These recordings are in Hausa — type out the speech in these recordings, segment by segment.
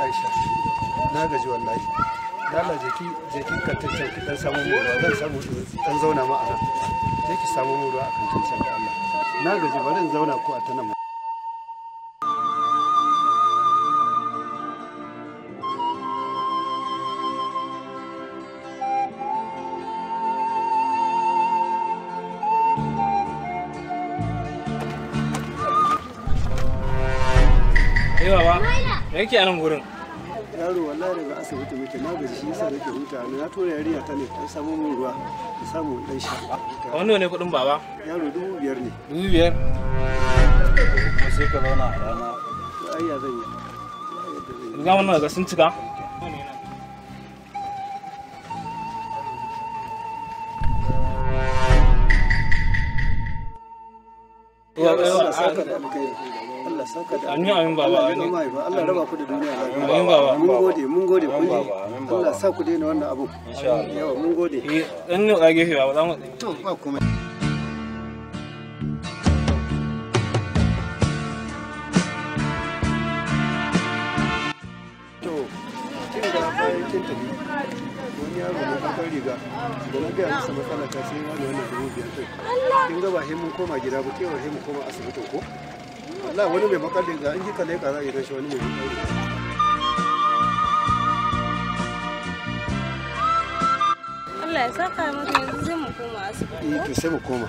aisha na gaji wallahi dala jeki jeki ka tace ki dan samu ruwa zan samu dan zauna ma anan je ki samu mu ruwa akan tace da Allah na gaji bari in zauna ko a tanan Hey, Baba. me yake a nan gurin yaro wallahi daga asibiti muke na gaji shi yasa nake huta na tura yariya ta ne ta samu min ruwa ta samu dan sha wannan ne kudin baba yaro dubu biyar ne dubu biyar ko sai ka zauna a rana ai ya zan yi ga wannan ga sun cika Yeah, Allah saka da amin amin baba amin Allah raba ku da duniya amin baba mun gode mun gode kun ji Allah sa ku daina wannan abu insha Allah yawa mun gode eh dan ne gefe baba za mu to ba komai wani yaro mai kakar riga da na gaya masa matsala ta sai wani wannan dubu biyar kin ga ba mun koma gida ba kewar mun koma asibitin ko wallahi wani mai makalle da an kika leka za a yi shi wani mai makalle Allah ya saka maka yanzu sai mu koma asibiti. Eh to sai mu koma.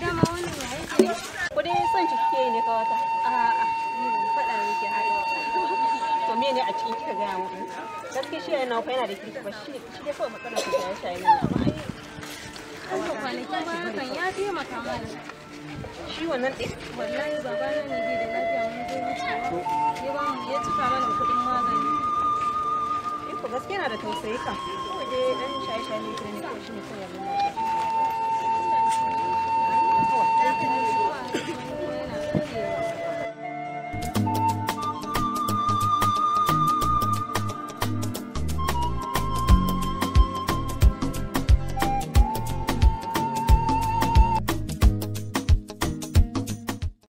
Dama wani waye ne? son ki A'a, ni ban faɗa miki haka. To me ne a cikin kika mu? Gaskiya shi yana yana da kirki ba shi shi dai kawai matsalar ya shaye ni. Amma ai ka kwanakin baya kan ya mana. Shi wannan ɗin? Wallahi baba na ne bai da lafiya mun zo wucewa. Ya ba mu ya cika mana kuɗin magani. Eh, gaskiya na da tausayi dai shaye-shaye ne